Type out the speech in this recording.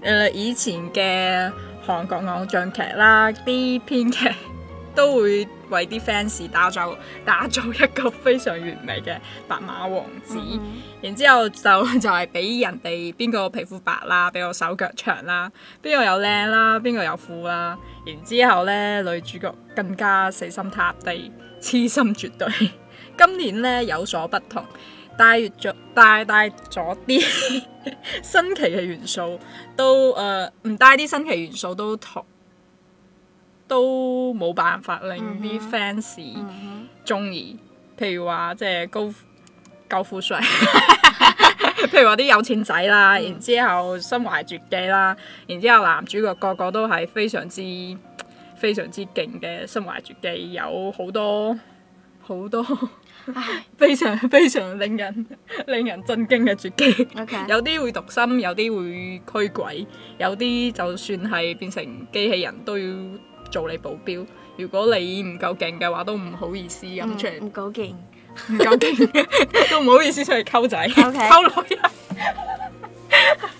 誒、呃、以前嘅韓國偶像劇啦，啲編劇都會為啲 fans 打造打造一個非常完美嘅白馬王子，嗯、然之後就就係、是、俾人哋邊個皮膚白啦，邊個手腳長啦，邊個又靚啦，邊個又富啦，然之後呢，女主角更加死心塌地、痴心絕對。今年呢有所不同。帶咗帶帶咗啲新奇嘅元素，都誒唔帶啲新奇元素都同都冇辦法令啲 fans 中意、嗯嗯。譬如話即係高高富帥， 譬如話啲有錢仔啦、嗯，然之後身懷絕技啦，然之後男主角個個都係非常之非常之勁嘅身懷絕技，有好多好多。唉，非常非常令人令人震驚嘅絕技，okay.。有啲會讀心，有啲會驅鬼，有啲就算係變成機器人都要做你保鏢。如果你唔夠勁嘅話，都唔好意思咁出唔夠勁，唔夠勁都唔好意思出去溝仔，溝、okay. 女人。